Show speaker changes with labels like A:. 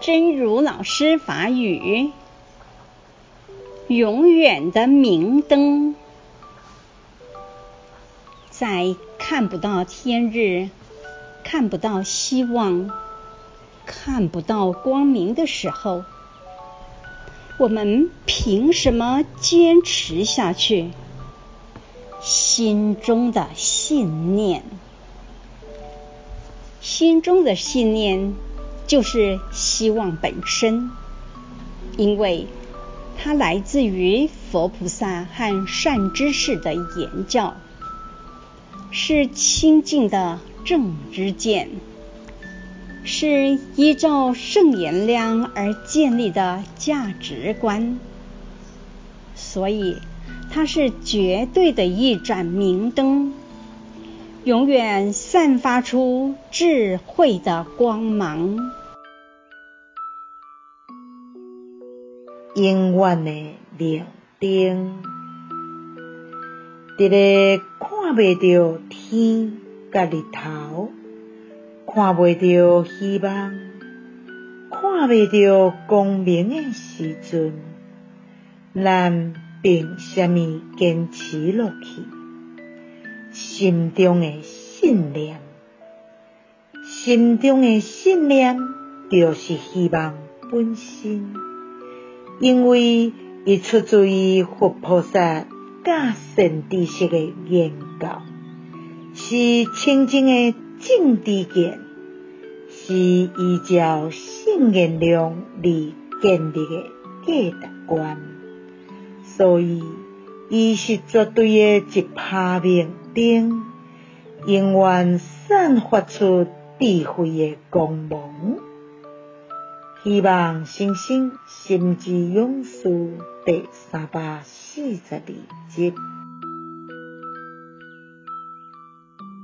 A: 真如老師法語，永遠的明燈，在看不到天日、看不到希望、看不到光明的時候，我們憑什麼堅持下去？心中的信念，心中的信念，就是希望本身，因為它來自於佛菩薩和善知識的言教，是清淨的正知見，是依照聖言量而建立的價值觀，所以它是絕對的一盞明燈，永遠散發出智慧的光芒。
B: 永遠的明燈，在看未著天甲日頭，看未著希望，看未著光明的時陣，咱憑啥物，堅持落去？心中的信念，心中的信念，就是希望本身。因為伊出自於佛菩薩假善知識的言教，是清淨的正知見，是依照聖言量而建立的價值觀，所以伊是絕對的一帕明燈，永遠散發出智慧的光芒。希望新生心之勇士第三百四十二集。